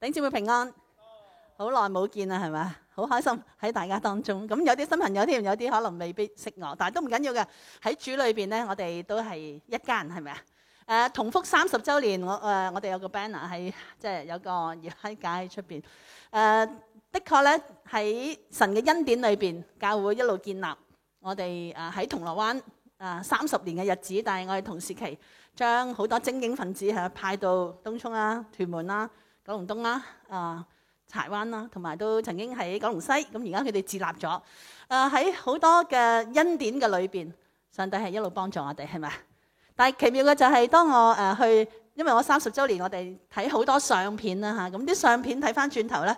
頂住會平安，好耐冇見啦，係咪？好開心喺大家當中。咁有啲新朋友添，有啲可能未必識我，但係都唔緊要嘅。喺主裏邊咧，我哋都係一家人，係咪啊？誒、呃，同福三十周年，我誒、呃、我哋有個 banner 喺，即係有個而家架喺出邊誒。的確咧，喺神嘅恩典裏邊，教會一路建立我哋誒喺銅鑼灣誒三十年嘅日子。但係我哋同時期將好多精英分子係派到東涌啦、啊、屯門啦、啊。九龍東啦，啊、呃、柴灣啦，同埋都曾經喺九龍西，咁而家佢哋自立咗。誒喺好多嘅恩典嘅裏邊，上帝係一路幫助我哋，係咪？但係奇妙嘅就係，當我誒、呃、去，因為我三十週年，我哋睇好多相片啦嚇，咁、啊、啲相片睇翻轉頭咧。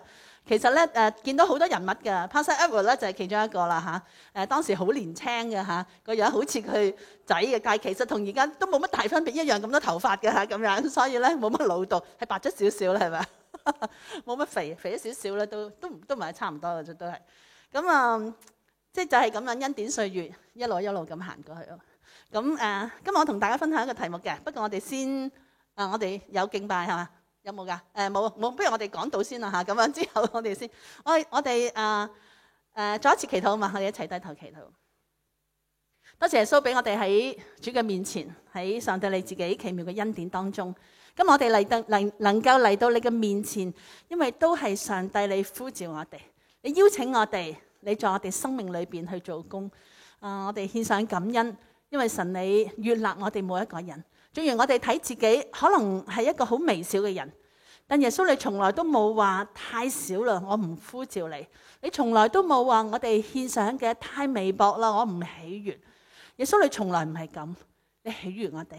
其實咧，誒見到好多人物㗎，Passerelle 咧就係其中一個啦吓，誒當時好年青嘅吓，個樣好似佢仔嘅，但係其實同而家都冇乜大分別，一樣咁多頭髮嘅嚇咁樣。所以咧冇乜老到，係白咗少少啦，係咪？冇乜肥，肥咗少少啦，都都都唔係差唔多嘅啫，都係。咁啊，即係就係咁樣，恩典歲月一路一路咁行過去咯。咁誒，今日我同大家分享一個題目嘅，不過我哋先啊，我哋有敬拜係嘛？有冇噶？誒，冇，冇，不如我哋講道先啦吓，咁樣之後我哋先。我我哋誒誒，再、呃呃、一次祈禱啊嘛，我哋一齊低頭祈禱。多謝耶穌俾我哋喺主嘅面前，喺上帝你自己奇妙嘅恩典當中。咁我哋嚟到，能能夠嚟到你嘅面前，因為都係上帝你呼召我哋，你邀請我哋，你在我哋生命裏邊去做工。啊、呃，我哋獻上感恩，因為神你悅納我哋每一個人。正如我哋睇自己，可能係一個好微小嘅人，但耶穌你從來都冇話太少啦，我唔呼召你；你從來都冇話我哋獻上嘅太微薄啦，我唔喜悦。耶穌你從來唔係咁，你喜悦我哋，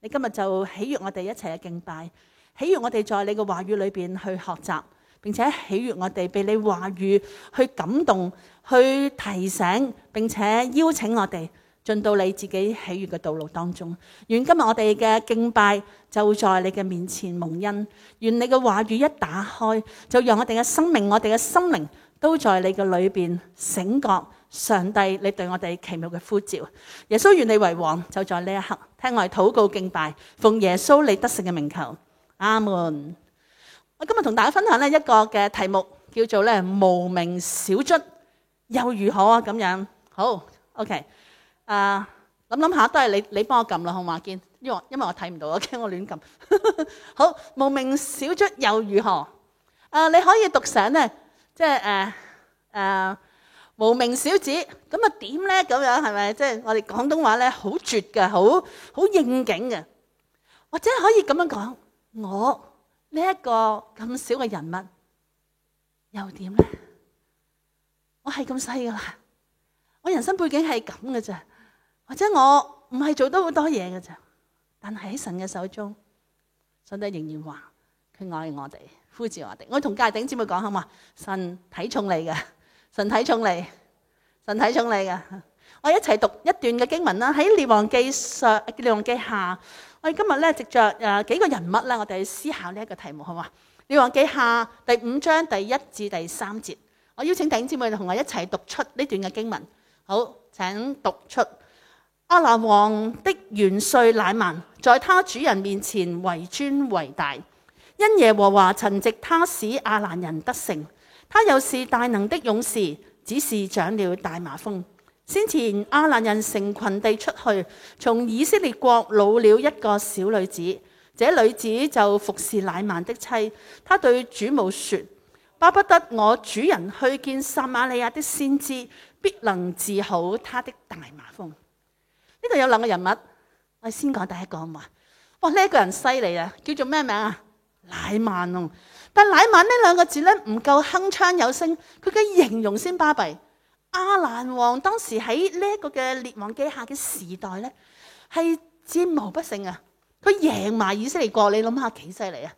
你今日就喜悦我哋一齊嘅敬拜，喜悦我哋在你嘅話語裏邊去學習，並且喜悦我哋被你話語去感動、去提醒，並且邀請我哋。進到你自己喜悅嘅道路當中，願今日我哋嘅敬拜就在你嘅面前蒙恩。願你嘅話語一打開，就讓我哋嘅生命、我哋嘅心靈都在你嘅裏邊醒覺。上帝，你對我哋奇妙嘅呼召，耶穌願你為王，就在呢一刻聽我哋禱告敬拜，奉耶穌你得勝嘅名求。阿門。我今日同大家分享呢一個嘅題目，叫做咧無名小卒又如何啊？咁樣好，OK。啊諗諗下，都係你你幫我撳啦，好嘛？見因為我因為我睇唔到啊，驚我亂撳。 好，無名小卒又如何？啊、uh,，你可以讀成咧，即係誒誒，uh, uh, 無名小子咁啊？點咧？咁樣係咪？即係、就是、我哋廣東話咧，好絕嘅，好好應景嘅。或者可以咁樣講，我呢一、個咁少嘅人物，又點咧？我係咁細噶啦，我人生背景係咁噶啫。或者我唔係做得好多嘢嘅咋，但係喺神嘅手中，神都仍然話佢愛我哋，呼召我哋。我同家頂姐妹講好嘛？神睇重你嘅，神睇重你，神睇重你嘅。我一齊讀一段嘅經文啦。喺列王記上、列王記下我哋今日咧，藉着，誒，幾個人物啦，我哋去思考呢一個題目，好嘛？列王記下第五章第一至第三節，我邀請頂姐妹同我一齊讀出呢段嘅經文。好，請讀出。阿蘭王的元帥乃曼，在他主人面前為尊為大，因耶和華曾藉他使亞蘭人得勝。他又是大能的勇士，只是長了大麻風。先前亞蘭人成群地出去，從以色列國擄了一個小女子，這女子就服侍乃曼的妻。她對主母說：巴不得我主人去見撒馬利亞的先知，必能治好他的大麻風。呢度有兩個人物，我先講第一個啊嘛。哇，呢、這、一個人犀利啊，叫做咩名啊？乃曼。但乃曼呢兩個字咧唔夠鏗鏘有聲，佢嘅形容先巴閉。亞蘭王當時喺呢一個嘅列王記下嘅時代咧，係戰無不勝啊！佢贏埋以色列國，你諗下幾犀利啊？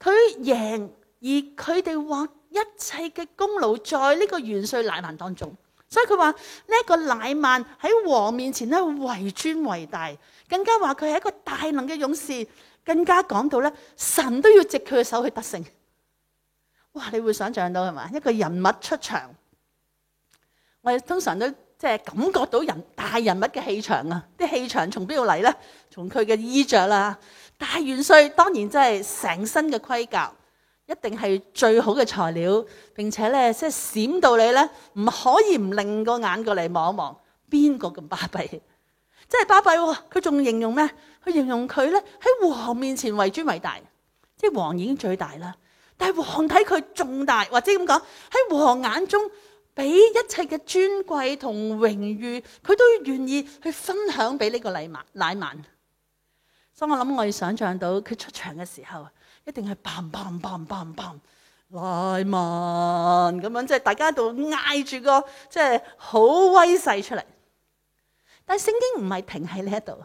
佢贏，而佢哋話一切嘅功勞在呢個元帥乃曼當中。所以佢話呢一個乃曼喺王面前咧，為尊為大，更加話佢係一個大能嘅勇士，更加講到咧，神都要藉佢嘅手去得勝。哇！你會想象到係嘛？一個人物出場，我哋通常都即係感覺到人大人物嘅氣場啊！啲氣場從邊度嚟咧？從佢嘅衣着啦，大元帥當然真係成身嘅盔甲。一定係最好嘅材料，並且咧，即係閃到你咧，唔可以唔另個眼過嚟望一望，邊個咁巴閉？真係巴閉喎！佢仲形容咩？佢形容佢咧喺王面前為尊為大，即係王已經最大啦。但係王睇佢重大，或者咁講，喺王眼中，俾一切嘅尊貴同榮譽，佢都願意去分享俾呢個禮物——乃曼。所以我諗我要想像到佢出場嘅時候。一定係 bang bang bang bang bang 來慢咁樣，即係大家度嗌住個，即係好威勢出嚟。但係聖經唔係停喺呢一度，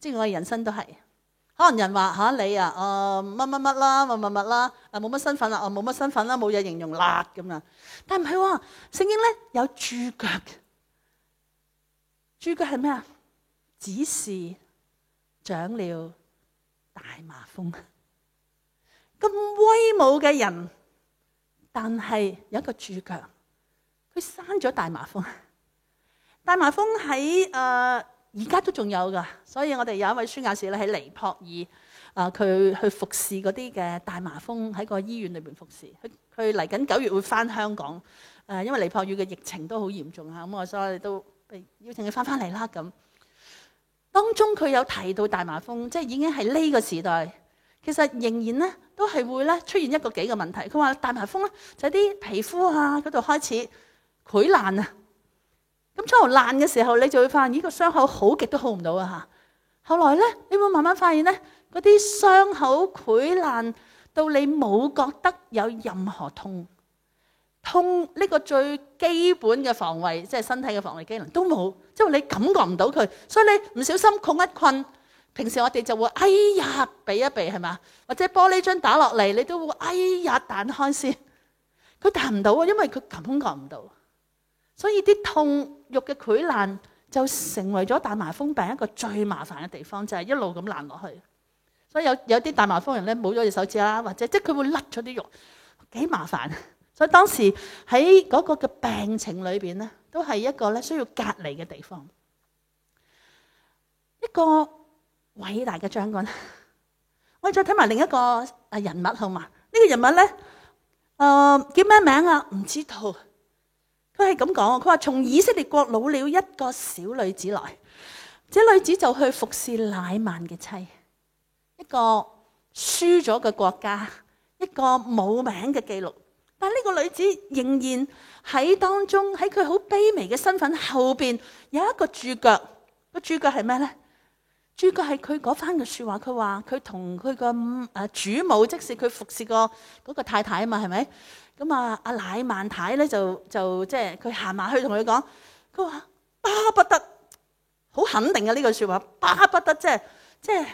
即係我哋人生都係。可能人話吓、啊、你啊，誒乜乜乜啦，乜乜乜啦，啊冇乜身份啦，啊冇乜身份啦，冇嘢形容辣咁樣，但唔係，聖經咧有注腳，注腳係咩啊？只是長了大麻風。咁威武嘅人，但係有一個主腳，佢生咗大麻風。大麻風喺誒而家都仲有噶，所以我哋有一位孫教士咧喺尼泊爾，啊、呃、佢去服侍嗰啲嘅大麻風喺個醫院裏邊服侍。佢佢嚟緊九月會翻香港，誒、呃、因為尼泊爾嘅疫情都好嚴重吓，咁我所以我都邀請佢翻翻嚟啦。咁當中佢有提到大麻風，即係已經係呢個時代。其實仍然咧，都係會咧出現一個幾個問題。佢話大麻風咧，就係啲皮膚啊嗰度開始潰爛啊。咁初頭爛嘅時候，你就會發現呢個傷口好極都好唔到啊嚇。後來咧，你會慢慢發現咧，嗰啲傷口潰爛到你冇覺得有任何痛痛，呢個最基本嘅防衞，即係身體嘅防衞機能都冇，即係你感覺唔到佢，所以你唔小心困一困。平時我哋就會哎呀，避一避係嘛？或者玻璃樽打落嚟，你都會哎呀彈開先。佢彈唔到啊，因為佢琴空隔唔到。所以啲痛肉嘅潰爛就成為咗大麻風病一個最麻煩嘅地方，就係、是、一路咁爛落去。所以有有啲大麻風人咧，冇咗隻手指啦，或者即係佢會甩咗啲肉，幾麻煩。所以當時喺嗰個嘅病情裏面咧，都係一個咧需要隔離嘅地方。一個偉大嘅將軍，我哋再睇埋另一個啊人物好嘛？呢、這個人物咧，誒、呃、叫咩名啊？唔知道他是這說。佢係咁講，佢話從以色列國擄了一個小女子來，這女子就去服侍乃曼嘅妻。一個輸咗嘅國家，一個冇名嘅記錄，但呢個女子仍然喺當中，喺佢好卑微嘅身份後邊有一個主角。個主角係咩咧？主角係佢嗰番嘅說話，佢話佢同佢個誒主母，即使佢服侍過嗰個太太是那啊，嘛係咪咁啊？阿乃縵太咧就就即係佢行埋去同佢講，佢話巴不得好肯定嘅呢、呢個說話，巴、啊、不得即係即係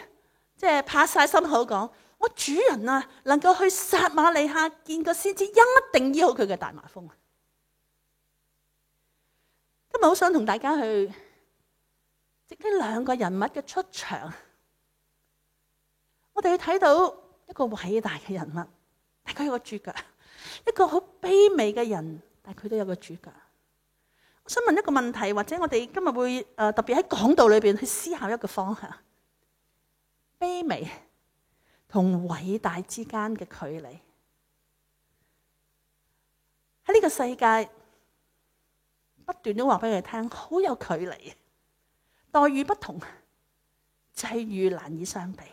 即係拍晒心口講，我主人啊能夠去撒馬利亞見個先知，一定醫好佢嘅大麻風。今日好想同大家去。呢兩個人物嘅出場，我哋要睇到一個偉大嘅人物，但佢有個主角；一個好卑微嘅人，但佢都有個主角。我想問一個問題，或者我哋今日會誒、呃、特別喺講道裏邊去思考一個方向：卑微同偉大之間嘅距離。喺呢個世界不斷都話俾佢哋聽，好有距離。待遇不同，際遇難以相比。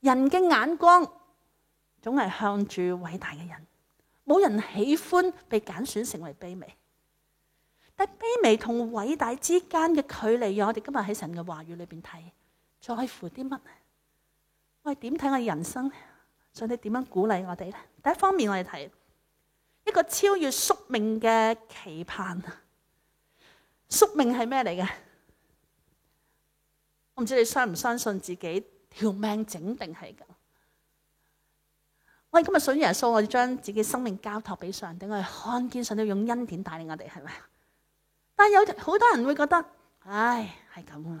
人嘅眼光總係向住偉大嘅人，冇人喜歡被揀選成為卑微。但卑微同偉大之間嘅距離，讓我哋今日喺神嘅話語裏邊睇，在乎啲乜？我哋點睇我哋人生？想上帝點樣鼓勵我哋咧？第一方面我哋睇一個超越宿命嘅期盼。宿命係咩嚟嘅？我唔知道你相唔相信自己條命整定係咁？我哋今日信耶穌，我哋將自己生命交託俾上帝。我哋看見上帝用恩典帶領我哋，係咪？但係有好多人會覺得，唉，係咁嘅。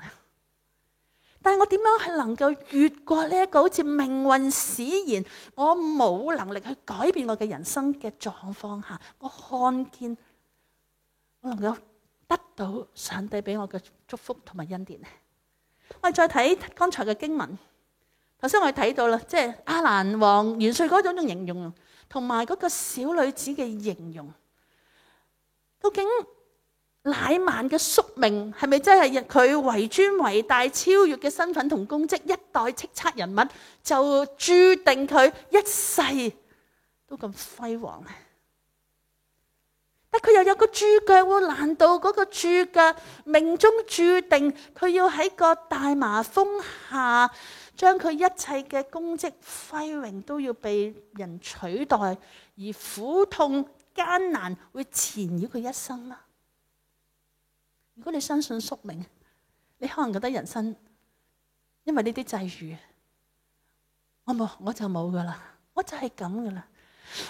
但係我點樣係能夠越過呢一個好似命運使然，我冇能力去改變我嘅人生嘅狀況下，我看見我能夠得到上帝俾我嘅祝福同埋恩典呢？我哋再睇剛才嘅經文，頭先我哋睇到啦，即係阿蘭王元帥嗰種形容，同埋嗰個小女子嘅形容，究竟乃曼嘅宿命係咪真係佢為尊為大，超越嘅身份同功績，一代叱咤人物就註定佢一世都咁輝煌？佢又有個豬腳喎，難道嗰個豬腳命中注定佢要喺個大麻風下，將佢一切嘅功績輝榮都要被人取代，而苦痛艱難會纏繞佢一生嗎？如果你相信宿命，你可能覺得人生因為呢啲際遇，我冇我就冇㗎喇，我就係咁㗎喇。我就是這樣了。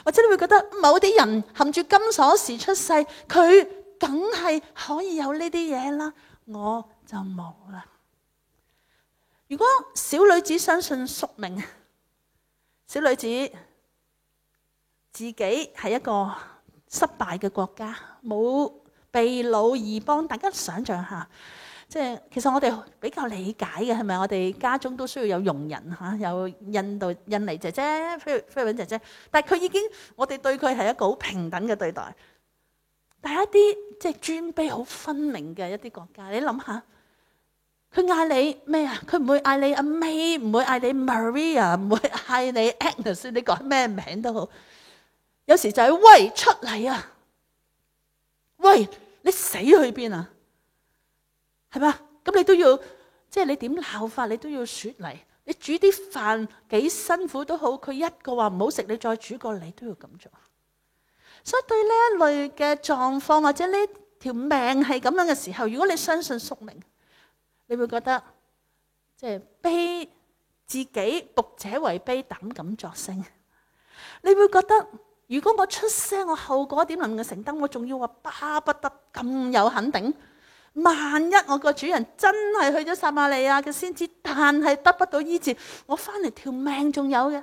或者你會覺得某啲人含住金鎖匙出世，佢梗係可以有呢啲嘢啦，我就冇啦。如果小女子相信宿命，小女子自己係一個失敗嘅國家，冇被老而幫，大家想象下。即係，其實我哋比較理解嘅係咪？我哋家中都需要有傭人吓，有印度印尼姐姐、菲律賓姐姐。但係佢已經，我哋對佢係一個好平等嘅對待。但係一啲即係尊卑好分明嘅一啲國家，你諗下，佢嗌你咩啊？佢唔會嗌你阿妹，唔會嗌你 Maria，唔會嗌你 Agnes，算你講咩名都好。有時就係、是、喂出嚟啊，喂你死去邊啊！係嘛？咁你都要，即係你點鬧法？你都要說嚟。你煮啲飯幾辛苦都好，佢一個話唔好食，你再煮過你都要咁做。所以對呢一類嘅狀況或者呢條命係咁樣嘅時候，如果你相信宿命，你會覺得即係悲自己，福者為悲，膽敢作聲。你會覺得如果我出聲，我後果點能夠承擔？我仲要話巴不得咁有肯定。萬一我個主人真係去咗撒瑪利亞嘅先知，但係得不到醫治，我翻嚟，條命仲有嘅。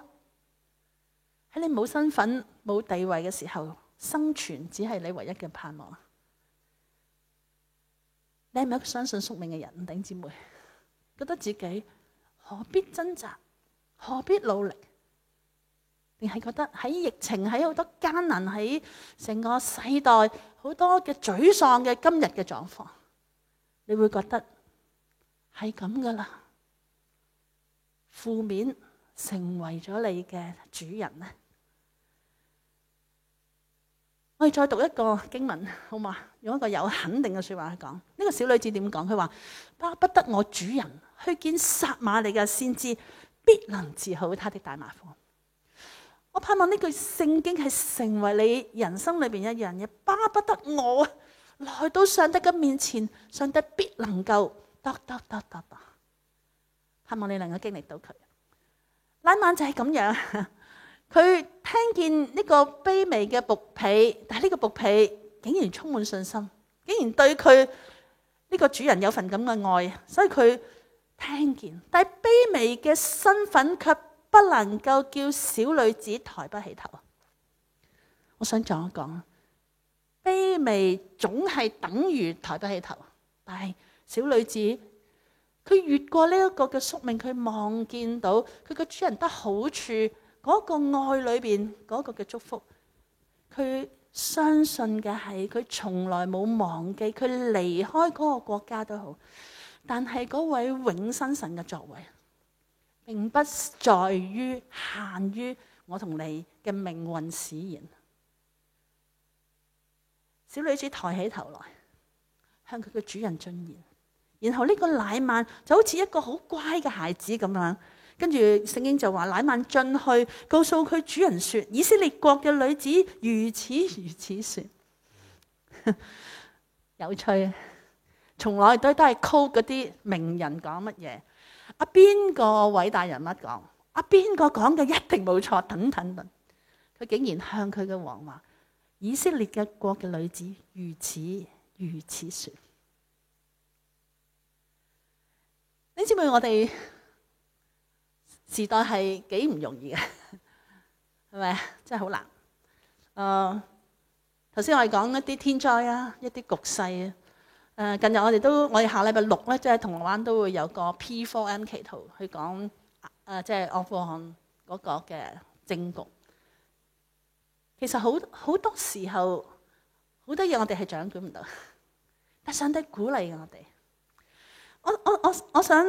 喺你冇身份、冇地位嘅時候，生存只係你唯一嘅盼望。你係咪一個相信宿命嘅人？五頂姊妹覺得自己何必掙扎，何必努力？定係覺得喺疫情、喺好多艱難、喺成個世代好多嘅沮喪嘅今日嘅狀況？你會覺得係咁噶啦，負面成為咗你嘅主人呢。我哋再讀一個經文好嘛？用一個有肯定嘅說話去講。呢個小女子點講？佢話，巴不得我主人去見撒馬利亞先知，必能治好他的大麻風。我盼望呢句聖經係成為你人生裏邊一樣嘢。巴不得我。來到上帝嘅面前，上帝必能夠噠噠噠噠，希望你能夠經歷到佢。乃縵就係咁樣，佢聽見呢個卑微嘅僕婢，但係呢個僕婢竟然充滿信心，竟然對佢呢個主人有份咁嘅愛，所以佢聽見，但係卑微嘅身份卻不能夠叫小女子抬不起頭。我想再講。卑微總係等於抬不起頭，但係小女子，佢越過呢一個嘅宿命，佢望見到佢嘅主人得好處嗰個愛裏邊嗰個嘅祝福，佢相信嘅係佢從來冇忘記，佢離開嗰個國家都好，但係嗰位永生神嘅作為，並不在於限於我同你嘅命運使然。小女子抬起頭來，向佢嘅主人進言，然後呢個乃縵就好似一個好乖嘅孩子咁樣，跟住聖經就話乃縵進去告訴佢主人說：以色列國嘅女子如此如此說。 有趣，從來都都係 call 嗰啲名人講乜嘢？阿邊個偉大人物講？阿邊個講嘅一定冇錯？等等等，佢竟然向佢嘅王話。以色列嘅國嘅女子如此如此説，你知唔知我哋時代係幾唔容易嘅？係咪？真係好難。誒，頭先我哋講一啲天災啊，一啲局勢啊。誒、uh,，近日我哋都我哋下禮拜六咧，即係銅鑼灣都會有個 P4M 祈禱，去講誒，即、uh, 係阿富汗嗰個嘅政局。其實好好多時候，好多嘢我哋係掌管唔到，但上帝鼓勵我哋。我我我我想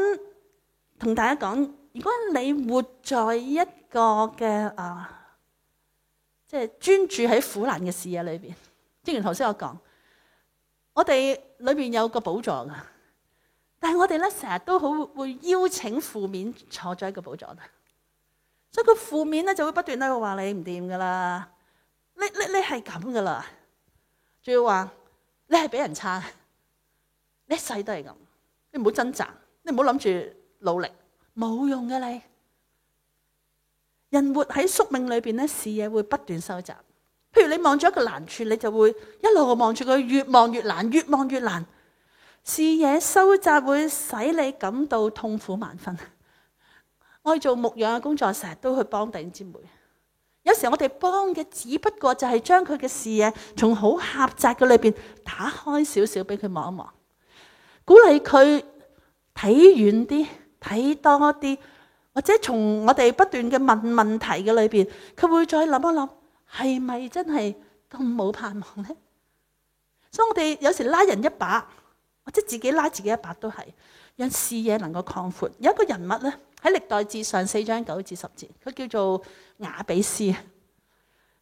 同大家講，如果你活在一個嘅啊，即係專注喺苦難嘅視野裏邊，正如頭先我講，我哋裏邊有一個寶藏噶，但係我哋咧成日都好會邀請負面坐咗一個寶藏度，所以個負面咧就會不斷咧度話你唔掂噶啦。你你你係咁噶啦，仲要話你係俾人差，你一世都係咁，你唔好掙扎，你唔好諗住努力，冇用噶你。人活喺宿命裏邊咧，視野會不斷收窄。譬如你望咗一個難處，你就會一路望住佢，越望越難，越望越難。視野收窄會使你感到痛苦萬分。我去做牧養嘅工作，成日都去幫頂姊妹。有時我哋幫嘅，只不過就係將佢嘅視野從好狹窄嘅裏邊打開少少俾佢望一望，鼓勵佢睇遠啲、睇多啲，或者從我哋不斷嘅問問題嘅裏邊，佢會再諗一諗，係咪真係咁冇盼望咧？所以我哋有時拉人一把，或者自己拉自己一把都係，讓視野能夠擴闊。有一個人物咧，喺歷代志上四章九至十節，佢叫做雅比斯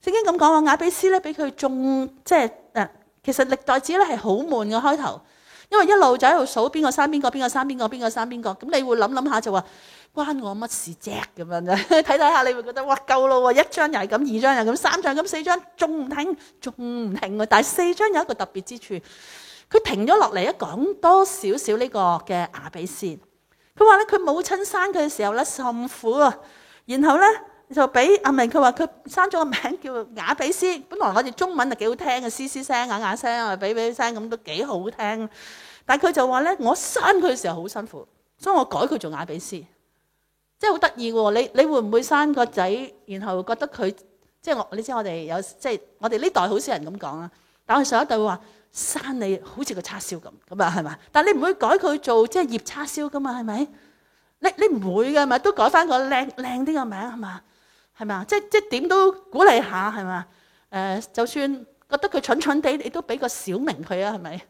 正經咁講話，雅比斯咧，俾佢仲即係誒，其實歷代志咧係好悶嘅開頭，因為一路就喺度數邊個生邊個、邊個生邊個、邊個生邊個咁，個個你會諗諗下就話關我乜事啫咁樣啫。睇睇下，你會覺得哇，夠咯，一張又係咁，二張又咁，三張咁，四張仲唔停仲唔停啊！但係四張有一個特別之處，佢停咗落嚟，一講多少少呢個嘅雅比斯。佢話咧佢母親生佢嘅時候咧甚苦啊，然後咧。就俾阿明，佢話佢生咗個名叫雅比斯。本來我哋中文啊幾好聽嘅，嘶嘶聲、啞啞聲啊、比比聲咁都幾好聽。但係佢就話咧，我生佢嘅時候好辛苦，所以我改佢做雅比斯，真係好得意喎！你你會唔會生個仔，然後覺得佢即係我？你知我哋有即係我哋呢代好少人咁講啊。但係我哋上一代會話生你好似個叉燒咁咁啊，係嘛？但係你唔會改佢做即係葉叉燒噶嘛？係咪？你你唔會嘅嘛？都改翻個靚靚啲個名係嘛？係咪？即即點都鼓勵下係咪？誒、呃，就算覺得佢蠢蠢地，你都俾個小名佢啊，係咪？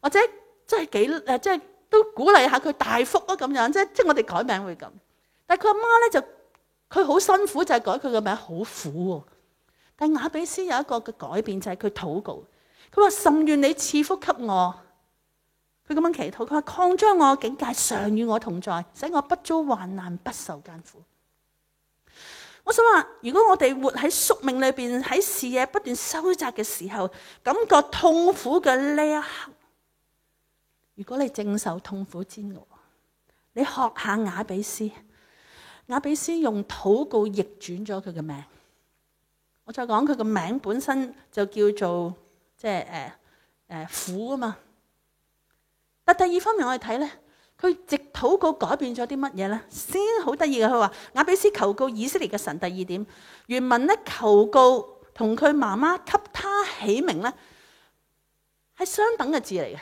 或者即係幾誒？即係都鼓勵下佢大福咯，咁樣即即我哋改名會咁。但係佢阿媽咧就佢好辛苦，就係、是、改佢嘅名好苦喎。但雅比斯有一個嘅改變就係佢禱告，佢話甚願你賜福給我。佢咁樣祈禱，佢話擴張我嘅境界，常與我同在，使我不遭患難，不受艱苦。我想話，如果我哋活喺宿命裏邊，喺視野不斷收窄嘅時候，感覺痛苦嘅呢一刻，如果你正受痛苦煎熬，你學一下雅比斯，雅比斯用禱告逆轉咗佢嘅名。我再講佢嘅名本身就叫做即係誒誒苦啊嘛。但第二方面我哋睇咧。佢直禱告改變咗啲乜嘢咧？先好得意嘅。佢話雅比斯求告以色列嘅神。第二點，原文咧，求告同佢媽媽給他起名咧，係相等嘅字嚟嘅。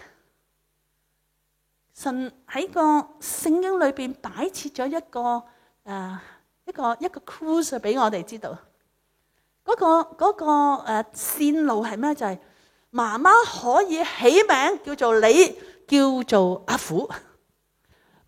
神喺個聖經裏邊擺設咗一個誒、啊、一個一個 cruise 俾我哋知道嗰、那個嗰、那個誒、啊、線路係咩？就係媽媽可以起名叫做你，叫做阿虎。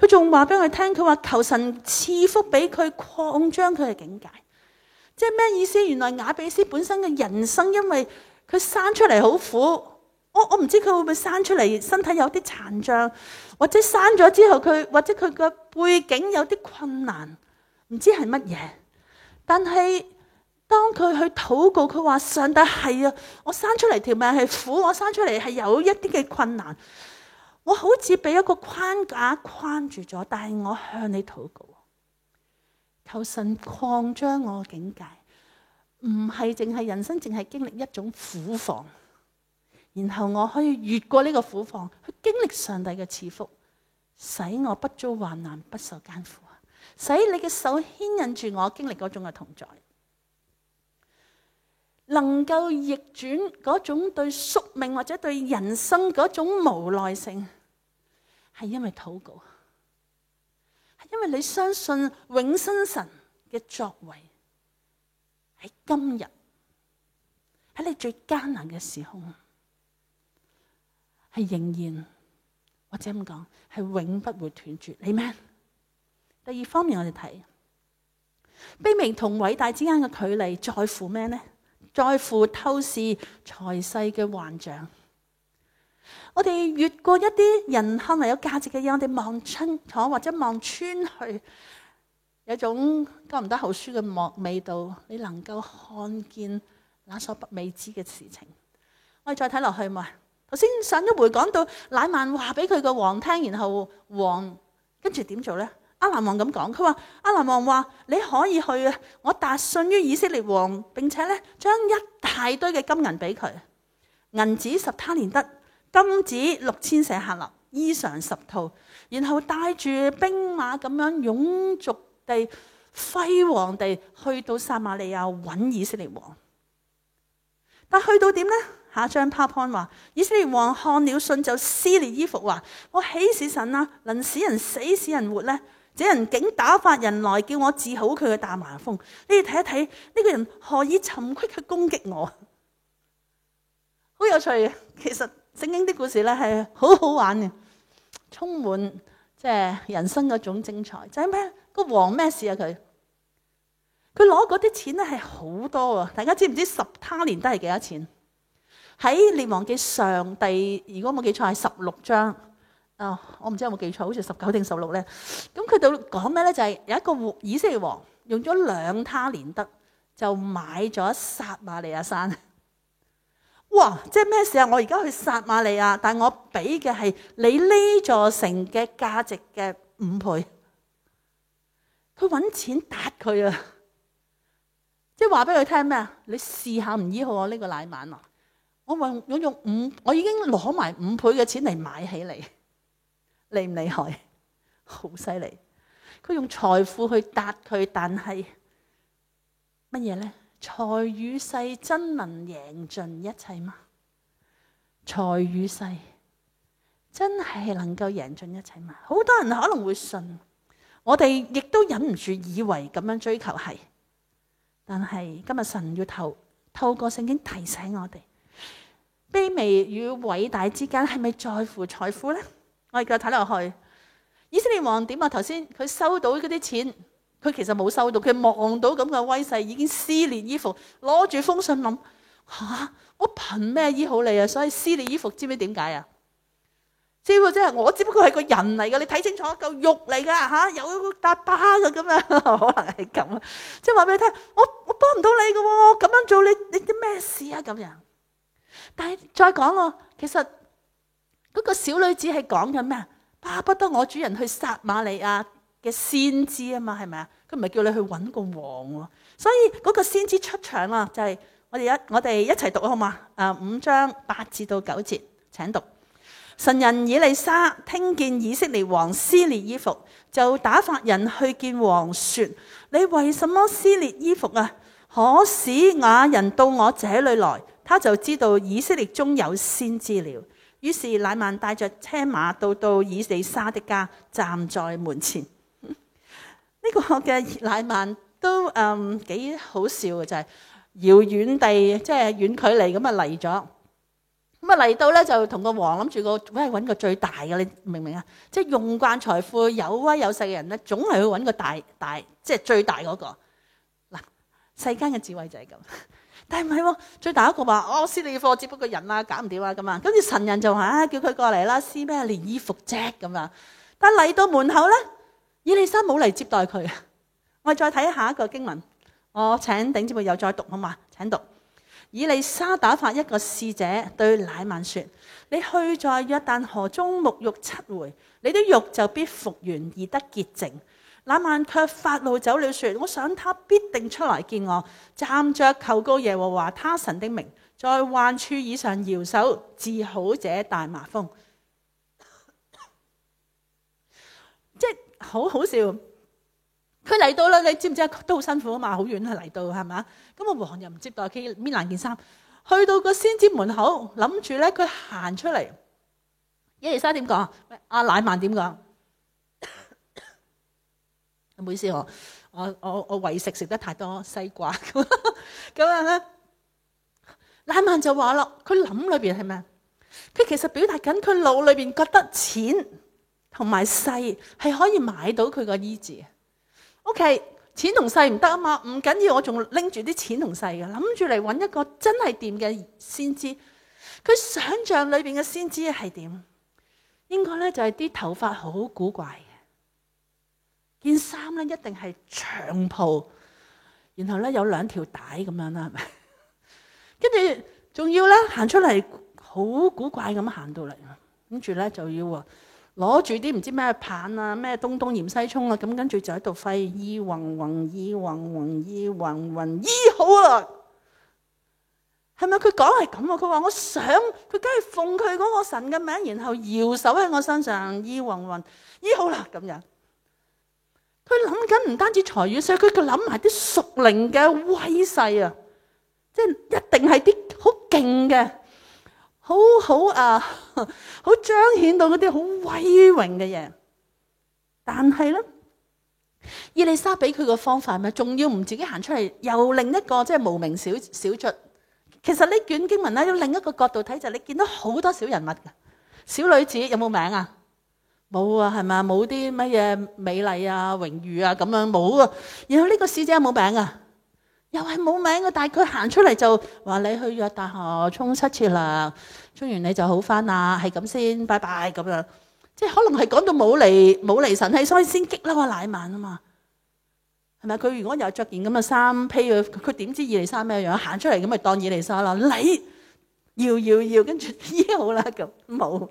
佢仲話俾我聽，佢話求神賜福俾佢擴張佢嘅境界，即係咩意思？原來雅比斯本身嘅人生，因為佢生出嚟好苦，我我唔知佢會唔會生出嚟身體有啲殘障，或者生咗之後佢，或者佢個背景有啲困難，唔知係乜嘢。但係當佢去禱告，佢話上帝係啊，我生出嚟條命係苦，我生出嚟係有一啲嘅困難。我好似俾一個框架框住咗，但係我向你禱告，求神擴張我嘅境界，唔係淨係人生，淨係經歷一種苦況，然後我可以越過呢個苦況，去經歷上帝嘅賜福，使我不遭患難，不受艱苦，使你嘅手牽引住我經歷嗰種嘅同在。能夠逆轉嗰種對宿命或者對人生嗰種無奈性，係因為禱告，係因為你相信永生神嘅作為喺今日喺你最艱難嘅時候，係仍然或者咁講，係永不會斷絕，你咩？第二方面我哋睇卑微同偉大之間嘅距離在乎咩呢？在乎透視財勢嘅幻象，我哋越過一啲人可能有價值嘅嘢，我哋望清楚或者望穿去，有一種讀唔得好書嘅望味道，你能夠看見那所不未知嘅事情。我哋再睇落去，咪頭先上一回講到乃曼話俾佢個王聽，然後王跟住點做咧？阿蘭王咁講，佢話阿蘭王話你可以去啊！我達信於以色列王，並且咧將一大堆嘅金銀俾佢，銀子十他連得金子六千舍客勒，衣裳十套，然後帶住兵馬咁樣永足地輝煌地去到撒馬利亞揾以色列王。但去到點咧？下張 PowerPoint 話以色列王看了信就撕裂衣服話：我豈係神啦、啊，能使人死，使人活咧！這人竟打發人來叫我治好佢嘅大麻風，你哋睇一睇呢個人何以尋隙去攻擊我？好有趣啊！其實聖經啲故事咧係好好玩嘅，充滿即係人生嗰種精彩。就係、是、咩？個王咩事啊？佢佢攞嗰啲錢咧係好多啊！大家知唔知道十他年都係幾多錢？喺《列王紀》上第，如果冇記錯係十六章。啊、oh！我唔知道有冇記錯，好似十九定十六咧。咁佢到講咩咧？就係、是、有一個以色列王用咗兩他連得就買咗撒瑪利亞山。哇！即係咩事啊？我而家去撒瑪利亞，但是我俾嘅係你呢座城嘅價值嘅五倍。佢揾錢打佢啊！即係話俾佢聽咩啊？你試下唔醫好我呢個乃縵啊！我用我用五，我已經攞埋五倍嘅錢嚟買起嚟。厲唔厲害？好犀利！佢用財富去答佢，但係乜嘢咧？財與勢真能贏盡一切嗎？財與勢真係能夠贏盡一切嗎？好多人可能會信，我哋亦都忍唔住以為咁樣追求係。但係今日神要透透過聖經提醒我哋，卑微與偉大之間係咪在乎財富咧？我而家睇落去，以色列王點啊？頭先佢收到嗰啲錢，佢其實冇收到，佢望到咁嘅威勢，已經撕裂衣服，攞住封信諗吓，啊，我憑咩醫好你啊？所以撕裂衣服，知唔知點解啊？知個即係我，只不過係個人嚟噶，你睇清楚，嚿肉嚟噶吓，有一個搭巴嘅咁樣，可能係咁，即係話俾你聽，我我幫唔到你噶，咁樣做你你啲咩事啊？咁樣，但係再講咯，其實。嗰、那個小女子係講緊咩？巴不得我主人去殺瑪利亞嘅先知啊嘛，係咪啊？佢唔係叫你去揾個王喎、啊，所以嗰、那個先知出場啦，就係、是、我哋一我哋一齊讀好嘛？五章八至到九節，請讀。神人以利沙聽見以色列王撕裂衣服，就打發人去見王說：你為什麼撕裂衣服啊？可使雅人到我這裏來，他就知道以色列中有先知了。於是乃曼帶着車馬到到以利沙的家，站在門前。呢 個嘅乃曼都誒幾、嗯、好笑嘅，就係、是、遙遠地即係、就是、遠距離咁啊嚟咗。咁啊嚟到咧就同個王諗住個咩揾個最大嘅，你明唔明啊？即、就、係、是、用慣財富有威有勢嘅人咧，總係去揾個大大即係、就是、最大嗰、那個。嗱，世間嘅智慧就係咁。但係唔係喎？最大一個話，哦，施你貨接不過人啦、啊，搞唔掂啊咁啊！跟住神人就話啊，叫佢過嚟啦，撕咩連衣服啫咁啊！但嚟到門口咧，以利沙冇嚟接待佢。我再睇下一個經文，我請頂尖會又再讀好嘛？請讀。以利沙打發一個使者對乃曼説：你去在約旦河中沐浴七回，你的肉就必復原而得潔淨。」乃曼卻發怒走了，說，我想他必定出來見我，站着求告耶和華他神的名，在患處以上搖手，治好者大麻風。即 係、就是、好好笑，佢嚟到啦，你知唔知啊？都好辛苦啊嘛，好遠嚟到係嘛？咁個王又唔接待佢，搣爛件衫，去到個先知門口諗住咧，佢行出嚟，一二三點講啊？阿乃曼點講？唔好意思，我我我我為食食得太多西瓜咁咁 樣咧，乃縵就話咯，佢諗裏邊係咩？佢其實表達緊佢腦裏邊覺得錢同埋勢係可以買到佢個醫治。O K，錢同勢唔得啊嘛，唔緊要，我仲拎住啲錢同勢嘅，諗住嚟揾一個真係掂嘅先知。佢想象裏邊嘅先知係點？應該咧就係、是、啲頭髮好古怪。件衫咧一定係長袍，然後咧有兩條帶咁樣啦，係咪？跟住仲要咧行出嚟，好古怪咁行到嚟，跟住咧就要啊攞住啲唔知咩棒啊咩東東、啊，鹽西衝啊咁，跟住就喺度揮，衣暈暈，衣暈暈，衣暈暈，衣好啦。係咪佢講係咁啊？佢話我想，佢梗係奉佢嗰個神嘅名，然後搖手喺我身上衣暈暈，衣好啦咁樣。佢諗緊唔單止財與勢，佢佢諗埋啲屬靈嘅威勢啊！即係一定係啲好勁嘅，好好啊，好彰顯到嗰啲好威榮嘅嘢。但係咧，以利沙俾佢個方法咪仲要唔自己行出嚟，又有另一個即係、就是、無名小小卒。其實呢卷經文咧，用另一個角度睇就係，你見到好多小人物啊，小女子，有冇名啊？冇啊，係咪啊？冇啲乜嘢美麗啊、榮譽啊咁樣冇啊。然後呢個使者有冇名啊？又係冇名嘅。但係佢行出嚟就話你去約但河沖七次涼，沖完你就好返啦，係咁先，拜拜咁樣。即係可能係講到冇嚟冇嚟神氣，所以先激嬲阿乃縵啊嘛。係咪啊？佢如果有著件咁嘅衫，譬如佢點知以利沙咩樣？行出嚟咁咪當以利沙啦。你要要要，跟住好啦咁冇。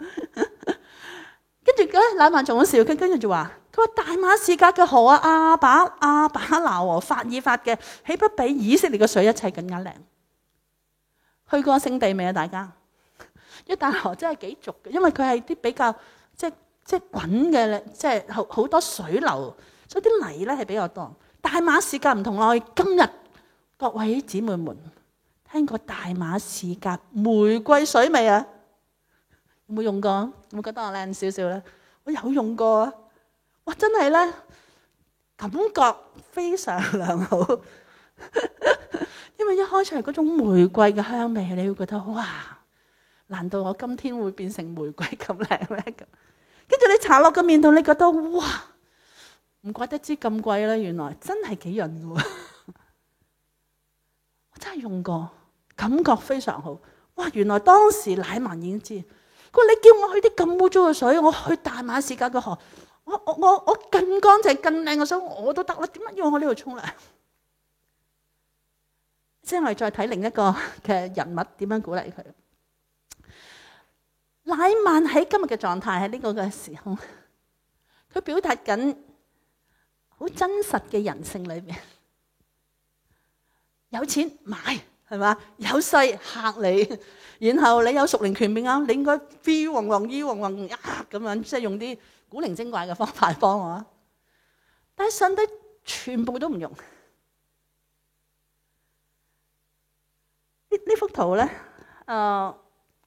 跟住咧，乃縵仲好笑，佢跟住就話：佢話大馬士革嘅河啊，亞罷拿亞罷拿河和法珥法嘅，豈不比以色列嘅水一切更加靚？去過聖地未啊？大家，呢條河真係幾濁嘅，因為佢係啲比較即係即係滾嘅咧，即係好好多水流，所以啲泥咧係比較多。大馬士革唔同我、啊、今日各位姊妹們，聽過大馬士革玫瑰水未啊？冇用過？有冇覺得我靚少少咧？我有用過啊，哇！真係咧，感覺非常良好，因 為一開出嚟嗰種玫瑰嘅香味，你會覺得哇！難道我今天會變成玫瑰咁靚咧？咁跟住你搽落個面度，你覺得哇！唔怪得之咁貴啦，原來真係幾潤噶。 我真係用過，感覺非常好。哇！原來當時乃縵已經知。佢你叫我去啲咁污糟嘅水，我去大馬士革嘅河，我我我我更乾淨、更靚嘅水我都得啦，點解要我呢度沖涼？即 係我哋再睇另一個嘅人物點樣鼓勵佢。乃曼喺今日嘅狀態喺呢個嘅時空，佢表達緊好真實嘅人性裏邊，有錢買。係嘛？有勢嚇你，然後你有屬靈權柄啊！你應該飛黃黃、衣黃黃呀咁樣，即係用啲古靈精怪嘅方法幫我。但係上帝全部都唔用。呢呢幅圖咧，誒、呃，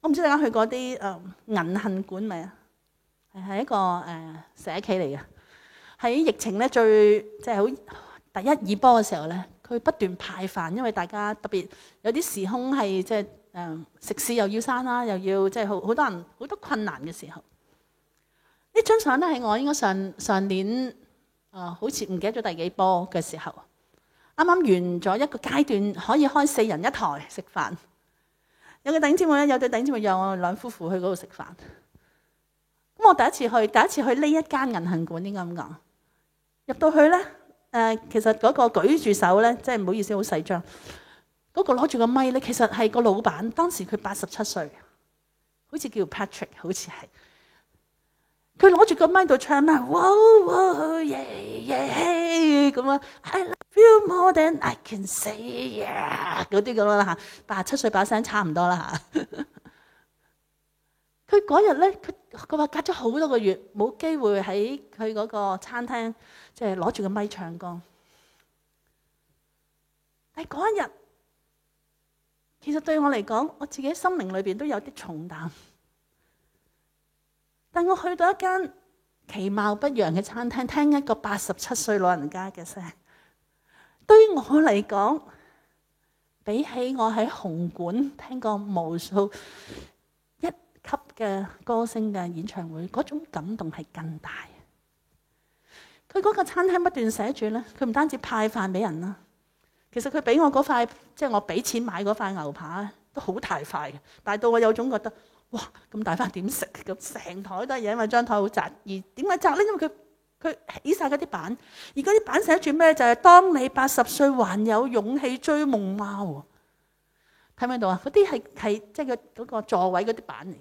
我唔知道大家去過啲誒銀杏館未啊？係、呃、一個誒社企嚟嘅。喺、呃、疫情咧最即係好第一二波嘅時候咧。佢不斷派飯，因為大家特別有啲時空係即係誒食肆又要閂啦，又要即係好好多人好多困難嘅時候。呢張相咧係我應該上上年誒，好似唔記得咗第幾波嘅時候，啱啱完咗一個階段，可以開四人一台食飯。有個頂尖位咧，有對頂尖位讓我兩夫婦去嗰度食飯。咁我第一次去，第一次去呢一間銀行館應該咁講。入到去咧。Uh, 其實嗰個舉住手咧，真係唔好意思，好細張。嗰個攞住個咪咧，其實係個老闆，當時佢八十七歲，好似叫 Patrick，好似係。佢攞住個咪度唱咩？哇哇耶耶嘿咁啊，I love you more than I can say 嗰啲咁樣啦嚇。八十七歲把聲差唔多啦嚇。佢嗰日咧，佢佢話隔咗好多個月，冇機會喺佢嗰個餐廳。即係攞住個咪唱歌，但係嗰一日，其實對我嚟講，我自己心靈裏邊都有啲重擔。但我去到一間其貌不揚嘅餐廳，聽一個八十七歲老人家嘅聲，對我嚟講，比起我喺紅館聽過無數一級嘅歌星嘅演唱會，嗰種感動係更大。佢嗰個餐廳不斷寫住咧，佢唔單止派飯俾人啦，其實佢俾我嗰塊，即係我俾錢買嗰塊牛扒都好大塊嘅，但到我有種覺得，哇咁大塊點食？咁成台都係嘢，因為張台好窄。而點解窄咧？因為佢佢起晒嗰啲板，而嗰啲板寫住咩？就係當你八十歲還有勇氣追夢貓。睇唔睇到啊？嗰啲係係即係嗰個座位嗰啲板嚟，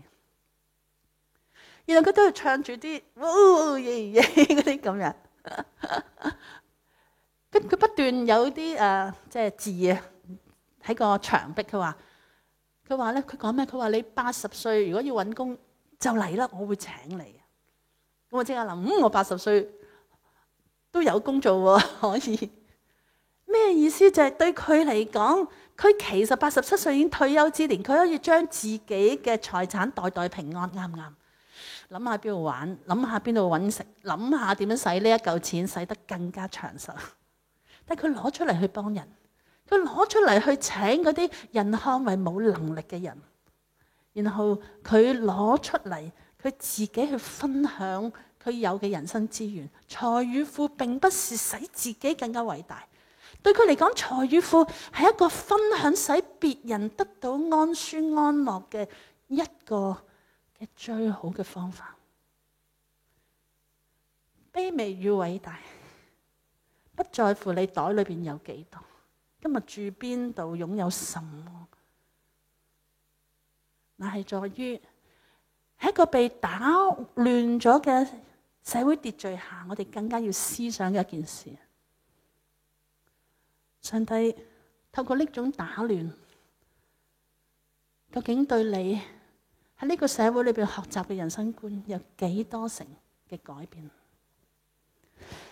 然後佢都係唱住啲，哦耶耶嗰啲咁樣。跟 佢不斷有啲誒，即、呃、係、就是、字喺個牆壁。佢話：佢話咧，佢講咩？佢話你八十歲如果要搵工，就嚟啦，我會請你。咁我即刻諗，嗯，我八十歲都有工做喎，可以。咩 意思？就係、是、對佢嚟講，佢其實八十七歲已經退休之年，佢可以將自己嘅財產代代平安，啱唔啱？諗下邊度玩，諗下邊度搵食，諗下點樣使呢一嚿錢使得更加長壽。但佢攞出嚟去幫人，佢攞出嚟去請嗰啲人看為冇能力嘅人，然後佢攞出嚟，佢自己去分享佢有嘅人生資源。財與富並不是使自己更加偉大，對佢嚟講，財與富係一個分享，使別人得到安舒安樂嘅一個。最好嘅方法，卑微與偉大，不在乎你袋裏邊有幾多，今日住邊度，擁有什麼，那係在於喺一個被打亂咗嘅社會秩序下，我哋更加要思想嘅一件事。上帝透過呢種打亂，究竟對你？喺呢個社會裏邊學習嘅人生觀有幾多成嘅改變？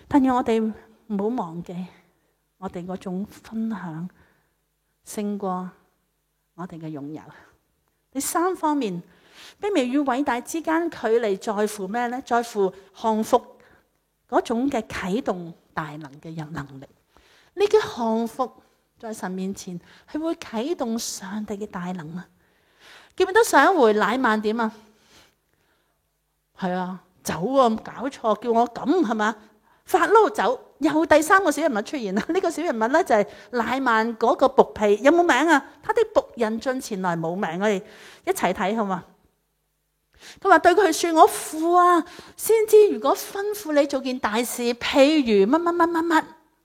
但願我哋唔好忘記我哋嗰種分享勝過我哋嘅擁有。第三方面，卑微與偉大之間距離在乎咩咧？在乎降服嗰種嘅啟動大能嘅人能力。呢啲降服在神面前係會啟動上帝嘅大能。記唔記得上一回乃曼點啊，係啊，走啊，搞錯，叫我咁係嘛，發嬲走。又第三個小人物出現啦，呢、這個小人物咧就係乃曼嗰個僕婢，有冇名啊？他啲僕人進前來，冇名，起看我哋一齊睇好嘛？佢話，對佢說，我父啊，先知如果吩咐你做件大事，譬如乜乜乜乜乜。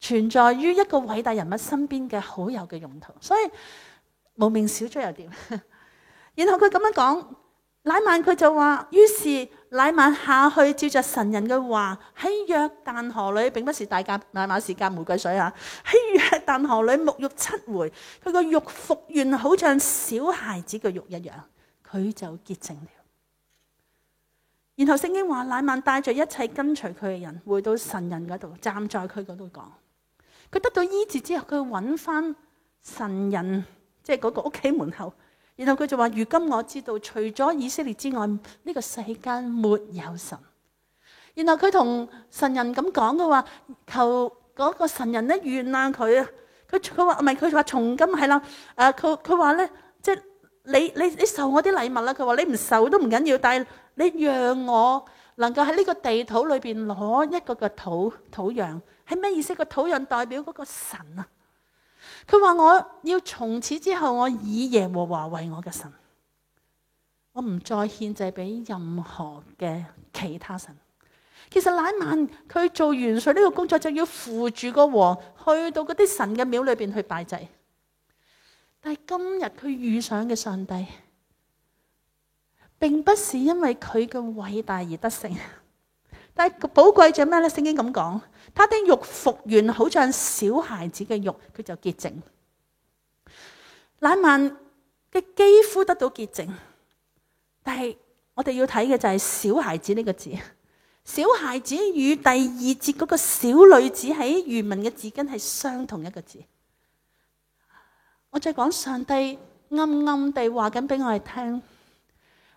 存在於一個偉大人物身邊嘅好友嘅用途，所以無名小卒又點？然後佢咁樣講，乃曼佢就話，於是乃曼下去照着神人嘅話喺約旦河裏，並不是大家乃曼是夾玫瑰水啊，喺約旦河裏沐浴七回，佢個肉復原，好像小孩子嘅肉一樣，佢就潔淨了。然後聖經話，乃曼帶着一切跟隨佢嘅人回到神人嗰度，站在佢嗰度講。佢得到醫治之後，佢揾翻神人，即係嗰個屋企門口。然後佢就話：如今我知道，除咗以色列之外，呢個世界沒有神。然後佢同神人咁講嘅話，求嗰個神人咧原諒佢啊！佢佢話唔係，佢話從今係啦。誒，佢佢話咧，即係你你你受我啲禮物啦。佢話你唔受都唔緊要，但係你讓我能夠喺呢個地土裏邊攞一個個土土壤。係咩意思？個土人代表嗰個神啊。佢話，我要從此之後，我以耶和華為我嘅神，我唔再獻祭俾任何嘅其他神。其實乃曼佢做元帥呢個工作，就要扶住個王去到嗰啲神嘅廟裏邊去拜祭。但係今日佢遇上嘅上帝，並不是因為佢嘅偉大而得勝，但係寶貴就咩咧？聖經咁講。他的肉復原，好像小孩子嘅肉，佢就潔淨。乃縵嘅肌膚得到潔淨，但係我哋要睇嘅就係小孩子呢個字。小孩子與第二節嗰個小女子喺原文嘅字根係相同一個字。我再講，上帝暗暗地話緊畀我哋聽。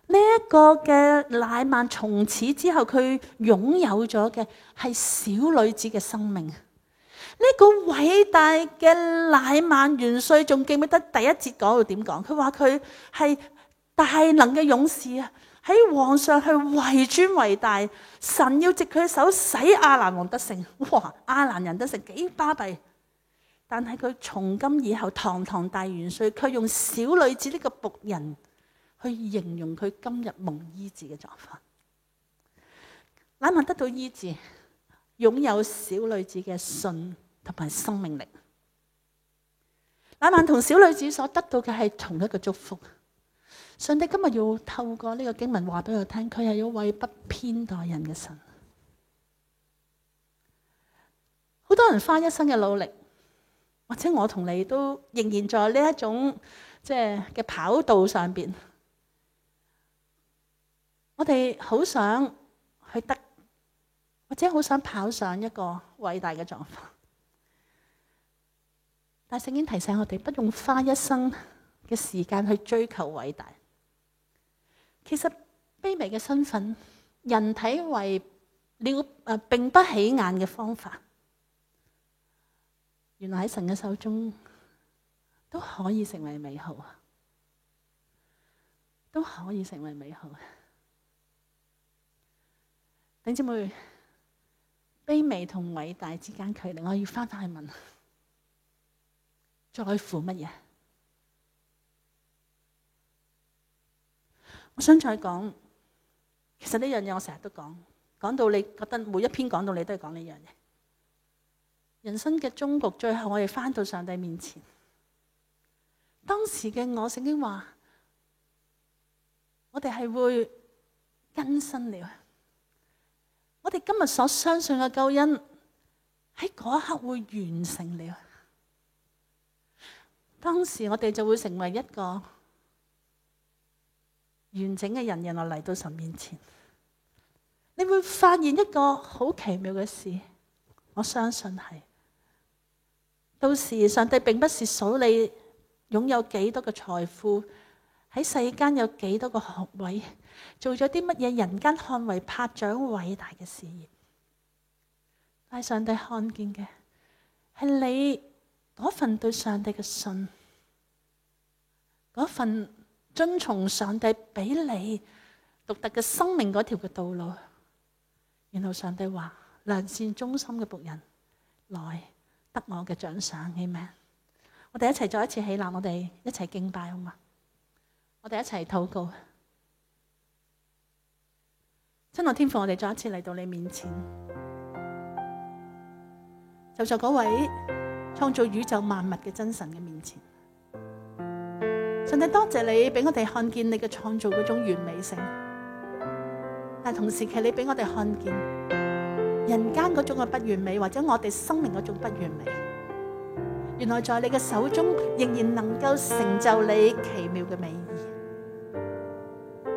呢、這、一個嘅乃曼從此之後，佢擁有咗嘅係小女子嘅生命。呢個偉大嘅乃曼元帥仲記唔記得第一節講到點講？佢話佢係大能嘅勇士啊！喺皇上去為尊為大，神要藉佢手使亞蘭王得勝。哇！亞蘭人得勝幾巴閉？但係佢從今以後堂堂大元帥，卻用小女子呢個僕人，去形容佢今日蒙醫治嘅狀況，乃曼得到醫治，擁有小女子嘅信同埋生命力。乃曼同小女子所得到嘅係同一個祝福。上帝今日要透過呢個經文話俾佢聽，佢係一位不偏待人嘅神。好多人花一生嘅努力，或者我同你都仍然在呢一種即係嘅跑道上邊。我哋好想去得，或者好想跑上一個偉大嘅狀況。但聖經提醒我哋，不用花一生嘅時間去追求偉大。其實卑微嘅身份、人體為了誒，並不起眼嘅方法，原來喺神嘅手中都可以成為美好，都可以成為美好。你知唔知，卑微同偉大之間距離，我要翻返去問，在乎乜嘢？我想再講，其實呢樣嘢我成日都講，講到你覺得每一篇講到你都係講呢樣嘢。人生嘅終局，最後我哋翻到上帝面前。當時嘅我曾經話，我哋係會更新了。我哋今日所相信嘅救恩喺嗰一刻會完成了，當時我哋就會成為一個完整嘅人，人，然後嚟到神面前。你會發現一個好奇妙嘅事，我相信係，到時上帝並不是數你擁有幾多嘅財富。喺世間有幾多個學位？做咗啲乜嘢人間看為拍掌偉大嘅事業？但係上帝看見嘅係你嗰份對上帝嘅信，嗰份遵從上帝俾你獨特嘅生命嗰條嘅道路。然後上帝話：良善忠心嘅僕人來得我嘅獎賞。阿們，我哋一齊再一次起立，我哋一齊敬拜好嘛？我哋一齊禱告。親愛天父，我哋再一次嚟到你面前，就在嗰位創造宇宙萬物嘅真神嘅面前。上帝多謝你俾我哋看見你嘅創造嗰種完美性，但係同時其實你俾我哋看見人間嗰種嘅不完美，或者我哋生命嗰種不完美，原來在你嘅手中仍然能夠成就你奇妙嘅美意。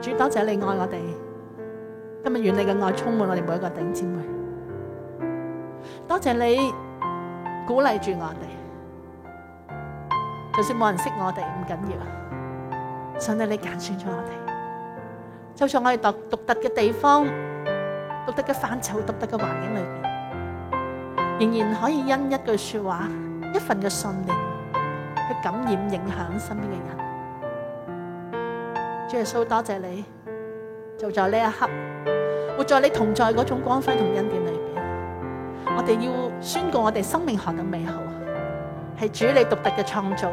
主多謝你愛我哋，今日願你嘅愛充滿我哋每一個頂姊妹。多謝你鼓勵住我哋，就算冇人識我哋唔緊要，上帝你揀選咗我哋，就算我哋獨獨特嘅地方，獨特嘅範疇，獨特嘅環境裏邊，仍然可以因一句說話，一份嘅信念去感染，影響身邊嘅人。主耶穌，多謝你，就在呢一刻，活在你同在嗰種光輝同恩典裏邊。我哋要宣告我哋生命何等美好，係主你獨特嘅創造，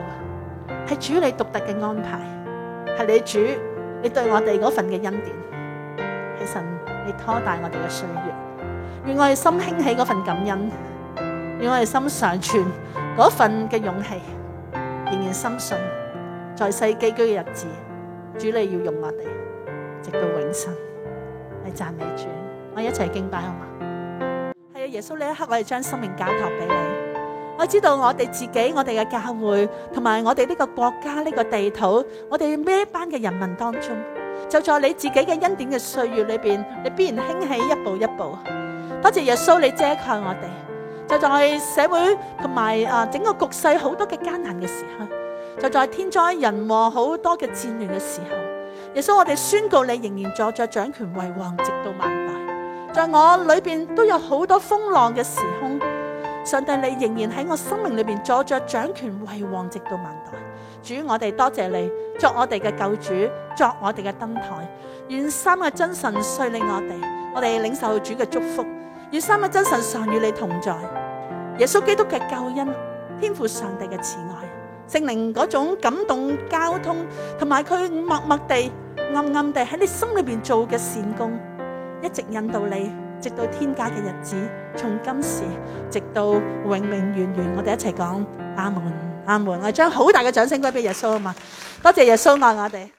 係主你獨特嘅安排，係你主，你對我哋嗰份嘅恩典，係神，你拖大我哋嘅歲月。願我哋心興起嗰份感恩，願我哋心上傳嗰份嘅勇氣，仍然深信在世寄居嘅日子。主，你要用我哋直到永生，你讚美主，我一齊敬拜好嘛？係啊，耶穌呢一刻我哋將生命交託俾你。我知道我哋自己，我哋嘅教會同埋我哋呢個國家呢個地土，我哋咩班嘅人民當中，就在你自己嘅恩典嘅歲月裏邊，你必然興起一步一步。多謝耶穌，你遮蓋我哋，就在社會同埋啊整個局勢好多嘅艱難嘅時刻。就在天災人禍好多嘅戰亂嘅時候，耶穌，我哋宣告你仍然坐著掌權為王，直到萬代。在我裏邊都有好多風浪嘅時空，上帝，你仍然喺我生命裏邊坐著掌權為王，直到萬代。主，我哋多謝你作我哋嘅救主，作我哋嘅燈台。願三嘅真神遂你我哋，我哋領受主嘅祝福。願三嘅真神常與你同在。耶穌基督嘅救恩，天父上帝嘅慈愛。聖靈嗰種感動交通，同埋佢默默地、暗暗地喺你心裏面做嘅善功，一直引導你，直到天家嘅日子，從今時直到永永遠遠，我哋一齊講阿門阿門，我哋將好大嘅掌聲歸俾耶穌啊嘛，多謝耶穌愛我哋。